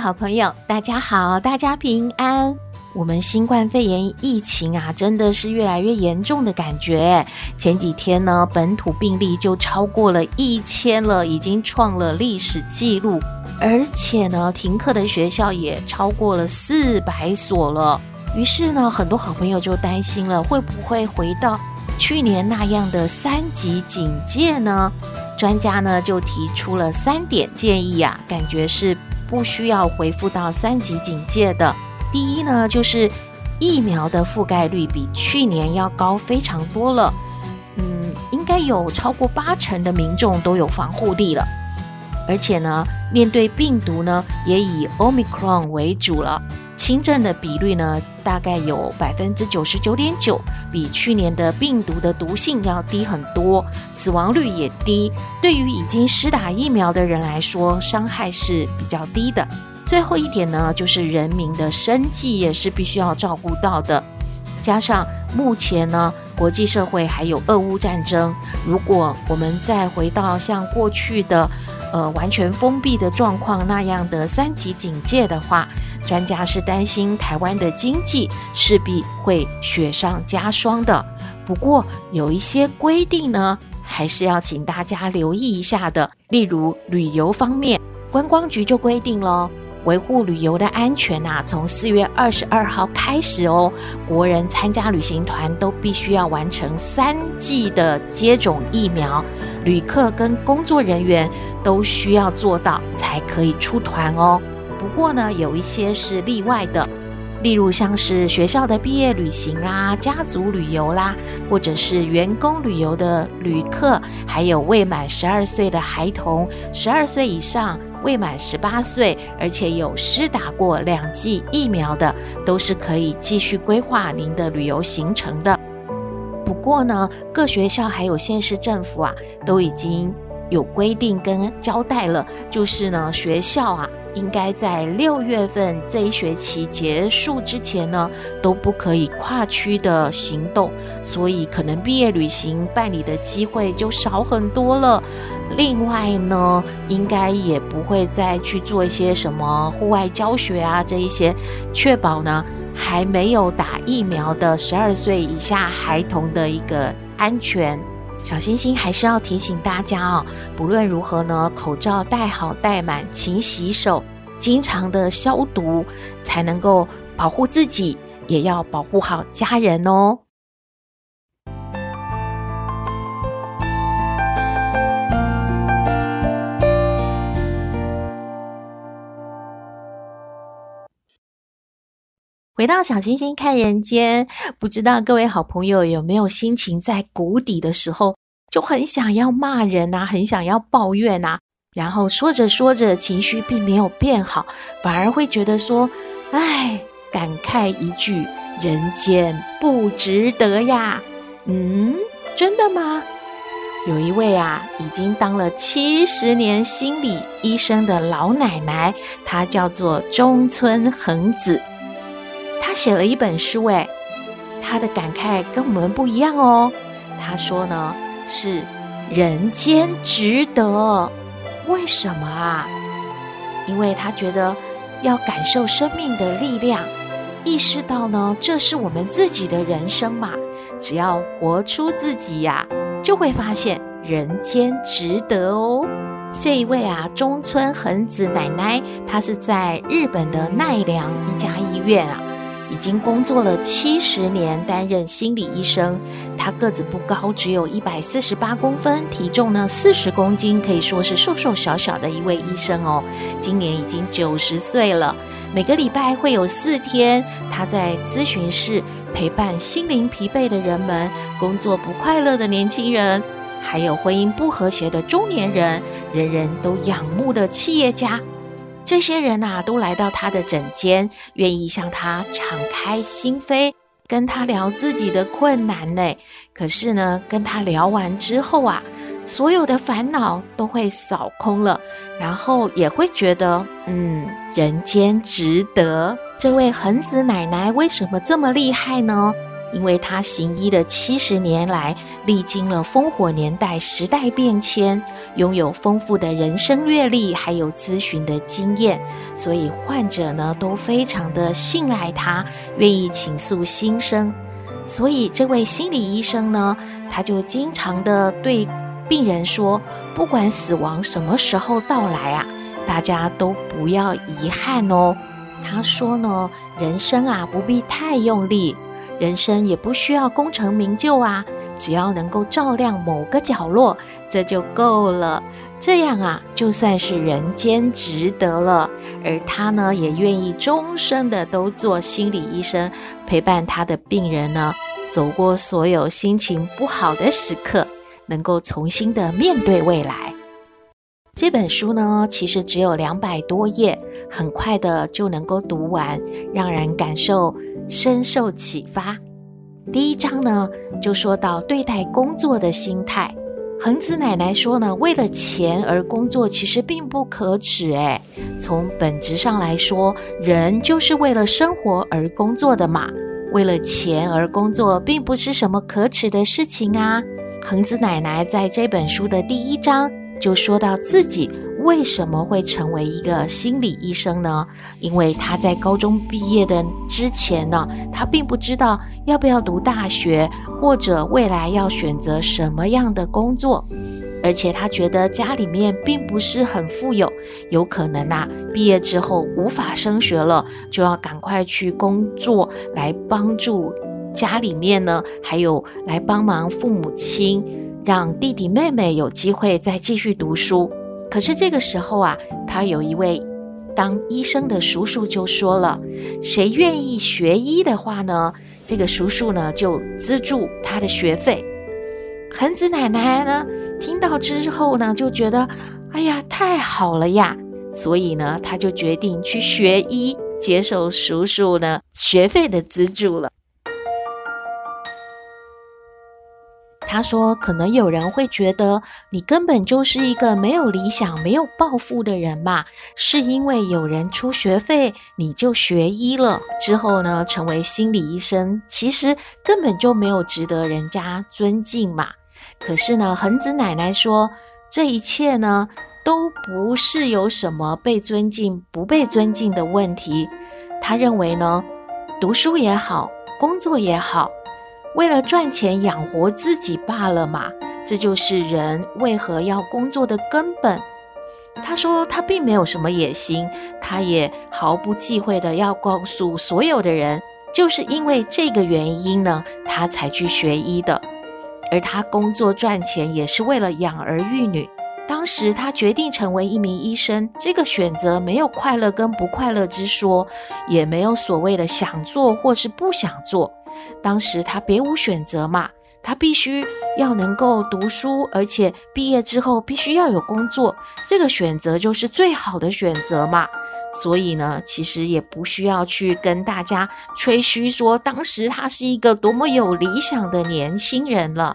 好朋友，大家好，大家平安。我們新冠肺炎疫情啊，真的是越來越嚴重的感覺。前幾天呢，本土病例就超過了一千了，已經創了歷史記錄。而且呢，停課的學校也超過了四百所了。於是呢，很多好朋友就擔心了，會不會回到去年那樣的三級警戒呢？專家呢，就提出了三點建議啊，感覺是。不需要恢復到三級警戒的。第一呢，就是疫苗的覆蓋率比去年要高非常多了，嗯，應該有超過八成的民眾都有防護力了。而且呢，面對病毒呢，也以 Omicron 為主了。輕症的比率呢，大概有百分之九十九點九，比去年的病毒的毒性要低很多，死亡率也低。對於已經施打疫苗的人來說，傷害是比較低的。最後一點呢，就是人民的生計也是必須要照顧到的。加上目前呢，國際社會還有俄烏戰爭，如果我們再回到像過去的呃完全封閉的狀況那樣的三級警戒的話。專家是擔心台灣的經濟勢必會雪上加霜的。不過有一些規定呢，還是要請大家留意一下的。例如旅遊方面，觀光局就規定了，維護旅遊的安全呐，從四月二十二號開始哦。國人參加旅行團都必須要完成三劑的接種疫苗，旅客跟工作人員都需要做到才可以出團哦。不過呢，有一些是例外的，例如像是學校的畢業旅行啊、家族旅遊啦，或者是員工旅遊的旅客，還有未滿十二歲的孩童，十二歲以上、未滿十八歲，而且有施打過兩劑疫苗的，都是可以繼續規劃您的旅遊行程的。不過呢，各學校還有縣市政府啊，都已經。有規定跟交代了，就是呢，學校啊，應該在六月份這一學期結束之前呢，都不可以跨區的行動，所以可能畢業旅行辦理的機會就少很多了。另外呢，應該也不會再去做一些什麼戶外教學啊這一些，確保呢還沒有打疫苗的十二歲以下孩童的一個安全。小星星還是要提醒大家啊、哦，不論如何呢，口罩戴好戴滿，勤洗手，經常的消毒，才能夠保護自己，也要保護好家人哦。回到小星星看人間，不知道各位好朋友有沒有心情在谷底的時候，就很想要罵人吶、啊，很想要抱怨吶、啊，然後說着說着，情緒並沒有變好，反而會覺得說：“哎，感慨一句，人間不值得呀。”嗯，真的嗎？有一位啊，已經當了七十年心理醫生的老奶奶，她叫做中村恆子。他寫了一本書，哎，他的感慨跟我們不一樣哦。他說呢，是人間值得。為什麼啊？因為他覺得要感受生命的力量，意識到呢，這是我們自己的人生嘛。只要活出自己呀、啊，就會發現人間值得哦。這一位啊，中村恆子奶奶，她是在日本的奈良一家醫院啊。已經工作了七十年，擔任心理醫生。他個子不高，只有一百四十八公分，體重呢四十公斤，可以說是瘦瘦小小的一位醫生哦。今年已經九十歲了，每個禮拜會有四天，他在諮詢室陪伴心靈疲憊的人們，工作不快樂的年輕人，還有婚姻不和諧的中年人，人人都仰慕的企業家。這些人吶、啊，都來到他的診間，願意向他敞開心扉，跟他聊自己的困難呢，可是呢，跟他聊完之後啊，所有的煩惱都會掃空了，然後也會覺得，嗯，人間值得。這位恆子奶奶為什麼這麼厲害呢？因為他行醫的七十年來，歷經了烽火年代、時代變遷，擁有豐富的人生閱歷，還有諮詢的經驗，所以患者呢都非常的信賴他，願意傾訴心聲。所以這位心理醫生呢，他就經常的對病人說：“不管死亡什麼時候到來啊，大家都不要遺憾哦。”他說呢：“人生啊，不必太用力。”人生也不需要功成名就啊，只要能夠照亮某個角落，這就夠了。這樣啊，就算是人間值得了。而他呢，也願意終身的都做心理醫生，陪伴他的病人呢，走過所有心情不好的時刻，能夠重新的面對未來。這本書呢，其實只有兩百多頁，很快的就能夠讀完，讓人感受。深受啟發。第一章呢，就說到對待工作的心態。恆子奶奶說呢，為了錢而工作其實並不可恥哎、欸。從本質上來說，人就是為了生活而工作的嘛。為了錢而工作，並不是什麼可恥的事情啊。恆子奶奶在這本書的第一章就說到自己。為什麼會成為一個心理醫生呢？因為他在高中畢業的之前呢，他並不知道要不要讀大學，或者未來要選擇什麼樣的工作。而且他覺得家裡面並不是很富有，有可能啊，畢業之後無法升學了，就要趕快去工作，來幫助家裡面呢，還有來幫忙父母親，讓弟弟妹妹有機會再繼續讀書。可是這個時候啊，他有一位當醫生的叔叔就說了：“誰願意學醫的話呢？這個叔叔呢就資助他的學費。”恆子奶奶呢聽到之後呢，就覺得：“哎呀，太好了呀！”所以呢，他就決定去學醫，接受叔叔的學費的資助了。他說：“可能有人會覺得你根本就是一個沒有理想、沒有抱負的人嘛？是因為有人出學費，你就學醫了，之後呢成為心理醫生，其實根本就沒有值得人家尊敬嘛？可是呢，恆子奶奶說，這一切呢都不是有什麼被尊敬、不被尊敬的問題。她認為呢，讀書也好，工作也好。”為了賺錢養活自己罷了嘛，這就是人為何要工作的根本。他說他並沒有什麼野心，他也毫不忌諱的要告訴所有的人，就是因為這個原因呢，他才去學醫的。而他工作賺錢也是為了養兒育女。當時他決定成為一名醫生，這個選擇沒有快樂跟不快樂之說，也沒有所謂的想做或是不想做。當時他別無選擇嘛，他必須要能夠讀書，而且畢業之後必須要有工作，這個選擇就是最好的選擇嘛。所以呢，其實也不需要去跟大家吹噓說當時他是一個多麼有理想的年輕人了。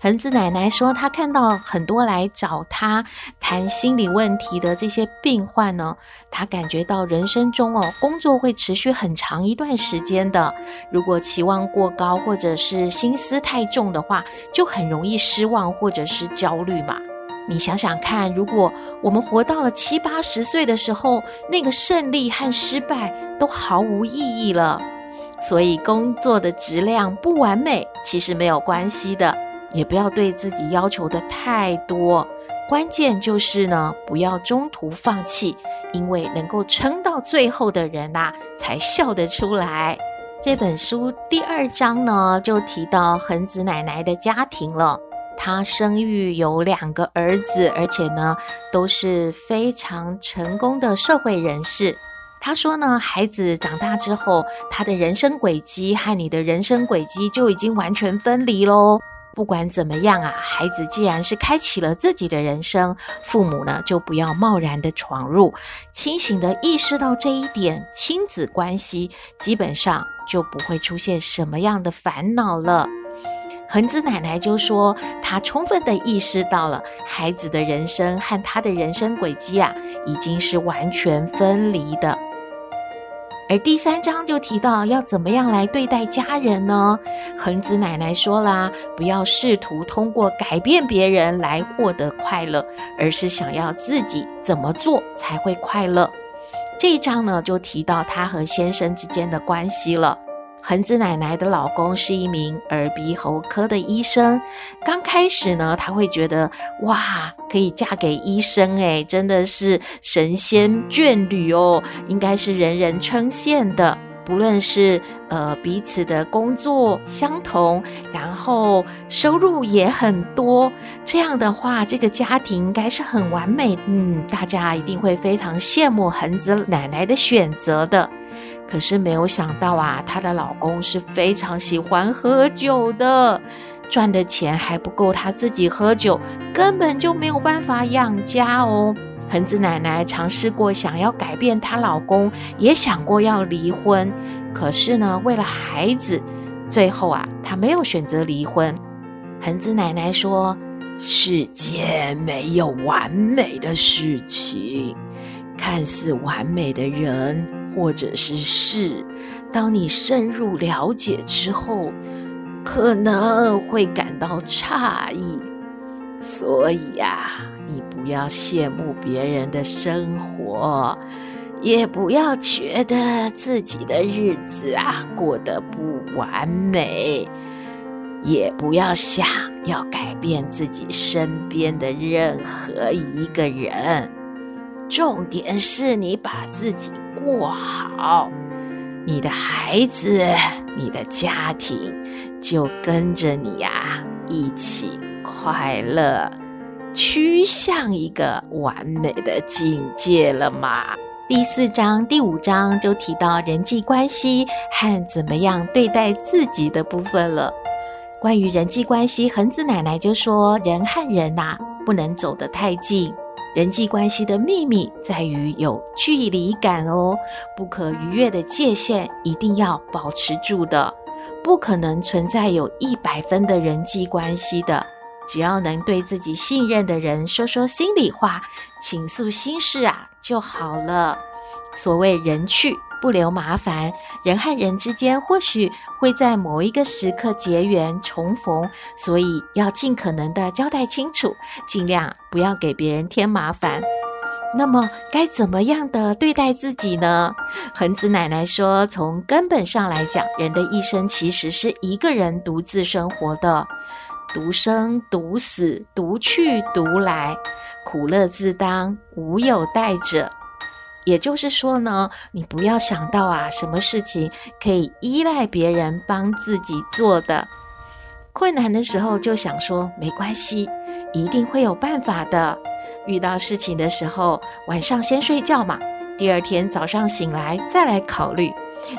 恆子奶奶說：“她看到很多來找她談心理問題的這些病患呢，她感覺到人生中哦，工作會持續很長一段時間的。如果期望過高或者是心思太重的話，就很容易失望或者是焦慮嘛。你想想看，如果我們活到了七八十歲的時候，那個勝利和失敗都毫無意義了。所以工作的質量不完美，其實沒有關係的。”也不要對自己要求的太多，關鍵就是呢，不要中途放棄，因為能夠撐到最後的人啊，才笑得出來。這本書第二章呢，就提到恆子奶奶的家庭了，她生育有兩個兒子，而且呢，都是非常成功的社會人士。她說呢，孩子長大之後，他的人生軌跡和你的人生軌跡就已經完全分離嘍。不管怎麼樣啊，孩子既然是開啟了自己的人生，父母呢，就不要貿然的闖入，清醒的意識到這一點，親子關係基本上就不會出現什麼樣的煩惱了。恆子奶奶就說，她充分的意識到了孩子的人生和她的人生軌跡啊，已經是完全分離的。而第三章就提到要怎麼樣來對待家人呢？恆子奶奶說啦、啊，不要試圖通過改變別人來獲得快樂，而是想要自己怎麼做才會快樂。這一章呢，就提到她和先生之間的關係了。恆子奶奶的老公是一名耳鼻喉科的醫生。剛開始呢，她會覺得哇，可以嫁給醫生欸，真的是神仙眷侶哦，應該是人人稱羨的。不論是呃彼此的工作相同，然後收入也很多，這樣的話，這個家庭應該是很完美。嗯，大家一定會非常羨慕恆子奶奶的選擇的。可是沒有想到啊，她的老公是非常喜歡喝酒的，賺的錢還不夠她自己喝酒，根本就沒有辦法養家哦。恆子奶奶嘗試過想要改變她老公，也想過要離婚，可是呢，為了孩子，最後啊，她沒有選擇離婚。恆子奶奶說：“世界沒有完美的事情，看似完美的人。”或者是事，當你深入了解之後，可能會感到詫異。所以啊，你不要羨慕別人的生活，也不要覺得自己的日子啊過得不完美，也不要想要改變自己身邊的任何一個人。重點是你把自己。不好，你的孩子、你的家庭就跟着你呀、啊、一起快樂，趨向一個完美的境界了嘛。第四章、第五章就提到人際關係和怎麼樣對待自己的部分了。關於人際關係，恆子奶奶就說：“人和人吶、啊，不能走得太近。”人際關係的秘密在於有距離感哦，不可逾越的界限一定要保持住的，不可能存在有一百分的人際關係的。只要能對自己信任的人說說心裡話、傾訴心事啊就好了。所謂人去。不留麻煩，人和人之間或許會在某一個時刻結緣重逢，所以要盡可能的交代清楚，盡量不要給別人添麻煩。那麼該怎麼樣的對待自己呢？恆子奶奶說，從根本上來講，人的一生其實是一個人獨自生活的，獨生獨死，獨去獨來，苦樂自當，無有代者。也就是說呢，你不要想到啊，什麼事情可以依賴別人幫自己做的。困難的時候就想說沒關係，一定會有辦法的。遇到事情的時候，晚上先睡覺嘛，第二天早上醒來再來考慮。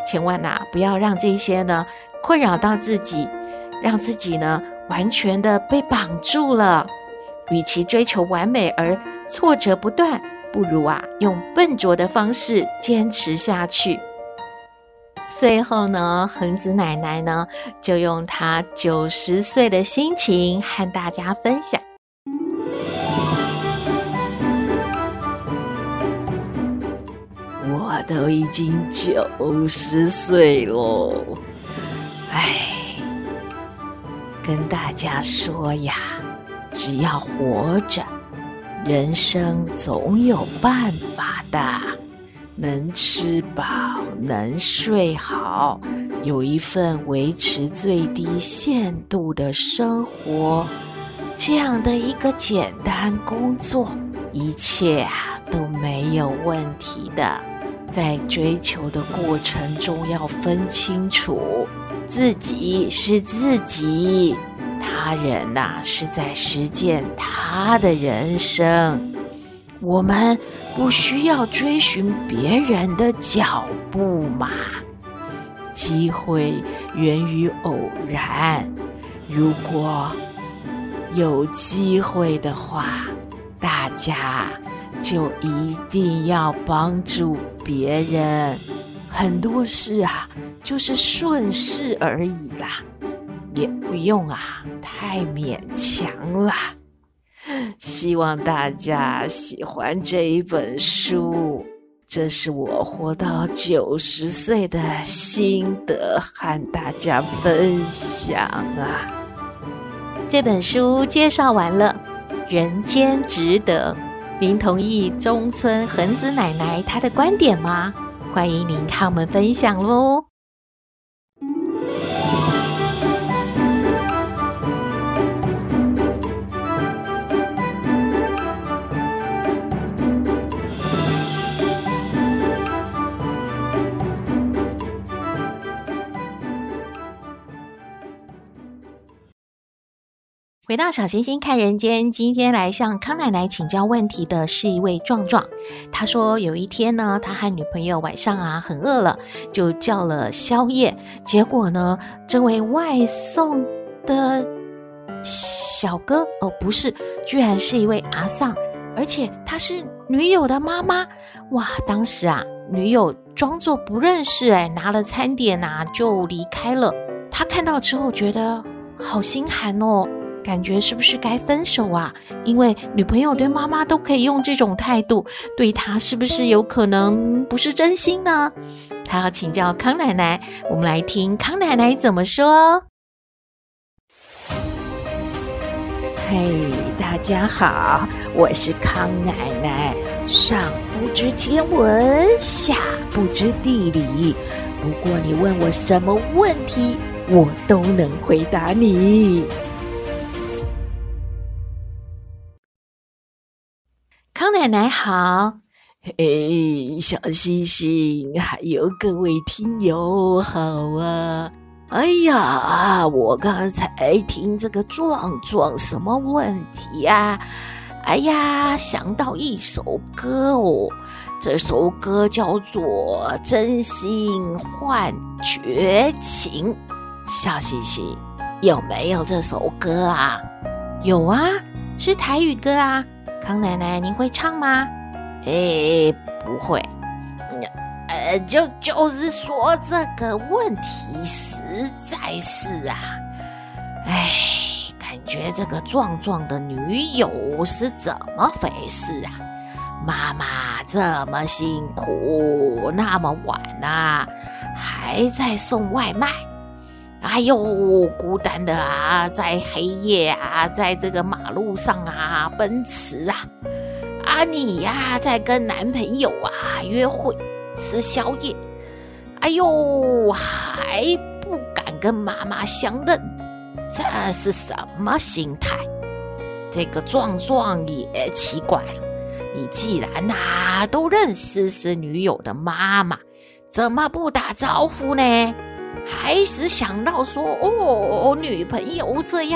千萬吶，不要讓這些呢困擾到自己，讓自己呢完全的被綁住了。與其追求完美而挫折不斷。不如啊，用笨拙的方式堅持下去。最後呢，恆子奶奶呢，就用她九十歲的心情和大家分享：“我都已經九十歲了，唉，跟大家說呀，只要活着。”人生總有辦法的，能吃飽，能睡好，有一份維持最低限度的生活，這樣的一個簡單工作，一切啊都沒有問題的。在追求的過程中，要分清楚自己是自己。他人吶、啊、是在實踐他的人生，我們不需要追尋別人的腳步嘛。機會源於偶然，如果有機會的話，大家就一定要幫助別人。很多事啊，就是順勢而已啦、啊。也不用啊，太勉強了。希望大家喜歡這一本書，這是我活到九十歲的心得，和大家分享啊。這本書介紹完了，人間值得。您同意中村恆子奶奶她的觀點嗎？歡迎您看我們分享嘍。回到小星星看人間，今天來向康奶奶請教問題的是一位壯壯。他說，有一天呢，他和女朋友晚上啊很餓了，就叫了宵夜。結果呢，這位外送的小哥哦，不是，居然是一位阿桑，而且他是女友的媽媽。哇，當時啊，女友裝作不認識，欸，哎，拿了餐點吶、啊，就離開了。他看到之後覺得好心寒哦。感覺是不是該分手啊？因為女朋友對媽媽都可以用這種態度，對她是不是有可能不是真心呢？她要請教康奶奶，我們來聽康奶奶怎麼說。嘿，hey, 大家好，我是康奶奶，上不知天文，下不知地理，不過你問我什麼問題，我都能回答你。奶奶好，嘿，hey, 小星星，還有各位聽友好啊！哎呀，我剛才聽這個壯壯什麼問題呀、啊？哎呀，想到一首歌哦，這首歌叫做《真心換絕情》，小星星有沒有這首歌啊？有啊，是台語歌啊。康奶奶，您會唱嗎？哎，不會。呃，就就是說這個問題實在是啊，哎，感覺這個壯壯的女友是怎麼回事啊？媽媽這麼辛苦，那麼晚了啊，還在送外賣。哎呦，孤單的啊，在黑夜啊，在這個馬路上啊奔馳啊，啊你呀、啊，在跟男朋友啊約會吃宵夜，哎呦還不敢跟媽媽相認，這是什麼心態？這個壯壯也奇怪了，你既然啊都認識是女友的媽媽，怎麼不打招呼呢？還是想到說哦，女朋友這樣，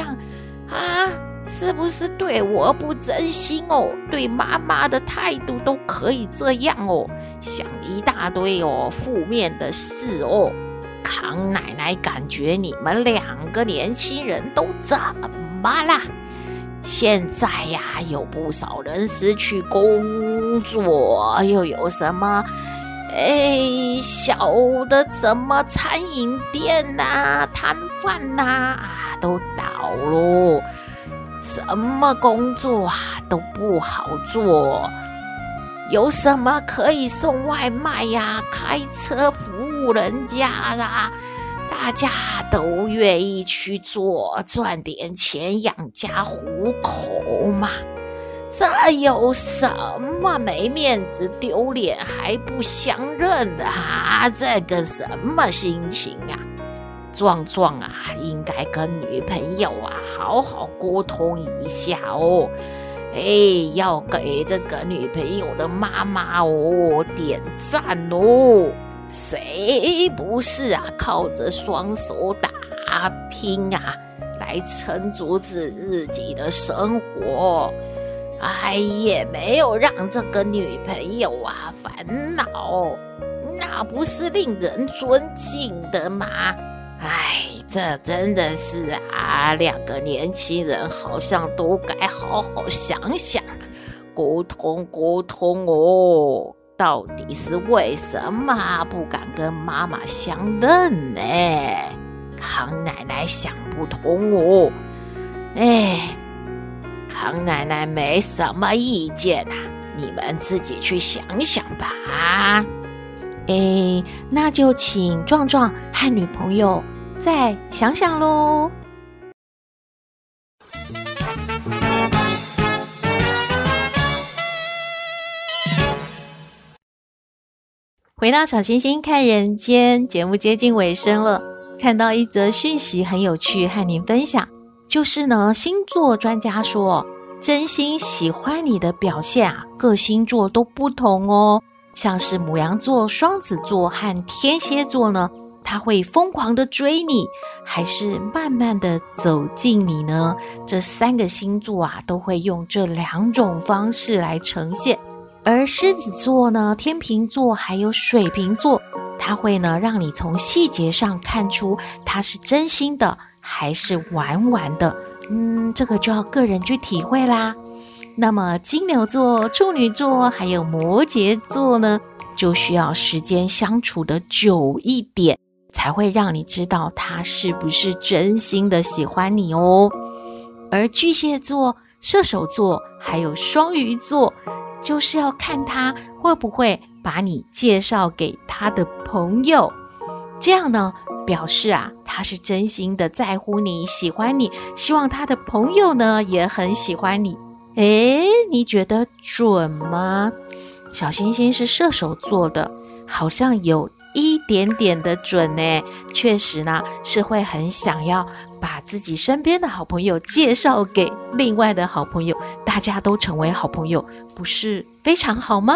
啊，是不是對我不真心哦？對媽媽的態度都可以這樣哦，想一大堆哦，負面的事哦。康奶奶，感覺你們兩個年輕人都怎麼啦？現在呀、啊，有不少人失去工作，又有什麼？哎，小的什麼餐飲店吶、啊、攤販吶、啊，都倒嘍。什麼工作啊都不好做。有什麼可以送外賣呀、啊、開車服務人家啦。大家都願意去做，賺點錢養家糊口嘛。這有什麼沒面子，丟臉還不相認的啊？這個什麼心情啊？壯壯啊，應該跟女朋友啊好好溝通一下哦。哎，要給這個女朋友的媽媽哦點讚哦！誰不是啊？靠着雙手打拼啊，來撐住自己的生活。哎，也沒有讓這個女朋友啊煩惱，那不是令人尊敬的嗎？哎，這真的是啊，兩個年輕人好像都該好好想想，溝通溝通哦，到底是為什麼不敢跟媽媽相認呢？康奶奶想不通哦，哎。康奶奶沒什麼意見吶、啊，你們自己去想想吧啊！哎、欸，那就請壯壯和女朋友再想想嘍。回到小星星看人間，節目接近尾聲了，看到一則訊息很有趣，和您分享。就是呢，星座專家說，真心喜歡你的表現啊，各星座都不同哦。像是牡羊座、雙子座和天蠍座呢，他會瘋狂的追你，還是慢慢的走近你呢？這三個星座啊，都會用這兩種方式來呈現。而獅子座呢、天秤座還有水瓶座，它會呢，讓你從細節上看出他是真心的。.還是玩玩的，嗯，這個就要個人去體會啦。那麼金牛座、處女座還有摩羯座呢，就需要時間相處得久一點，才會讓你知道他是不是真心的喜歡你哦。而巨蟹座、射手座還有雙魚座，就是要看他會不會把你介紹給他的朋友，這樣呢，表示啊，他是真心的在乎你，喜歡你，希望他的朋友呢，也很喜歡你。誒，你覺得準嗎？小星星是射手座的，好像有一點點的準呢。確實呢，是會很想要把自己身邊的好朋友介紹給另外的好朋友，大家都成為好朋友，不是非常好嗎？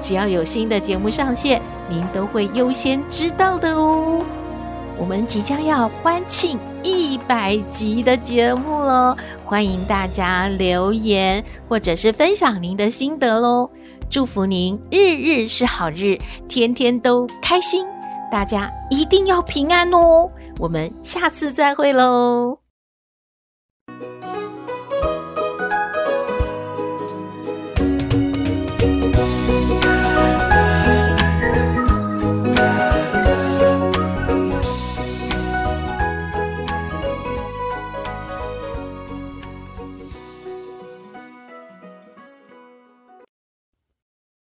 只要有新的節目上線，您都會優先知道的哦。我們即將要歡慶一百集的節目嘍，歡迎大家留言或者是分享您的心得嘍。祝福您日日是好日，天天都開心，大家一定要平安哦。我們下次再會嘍。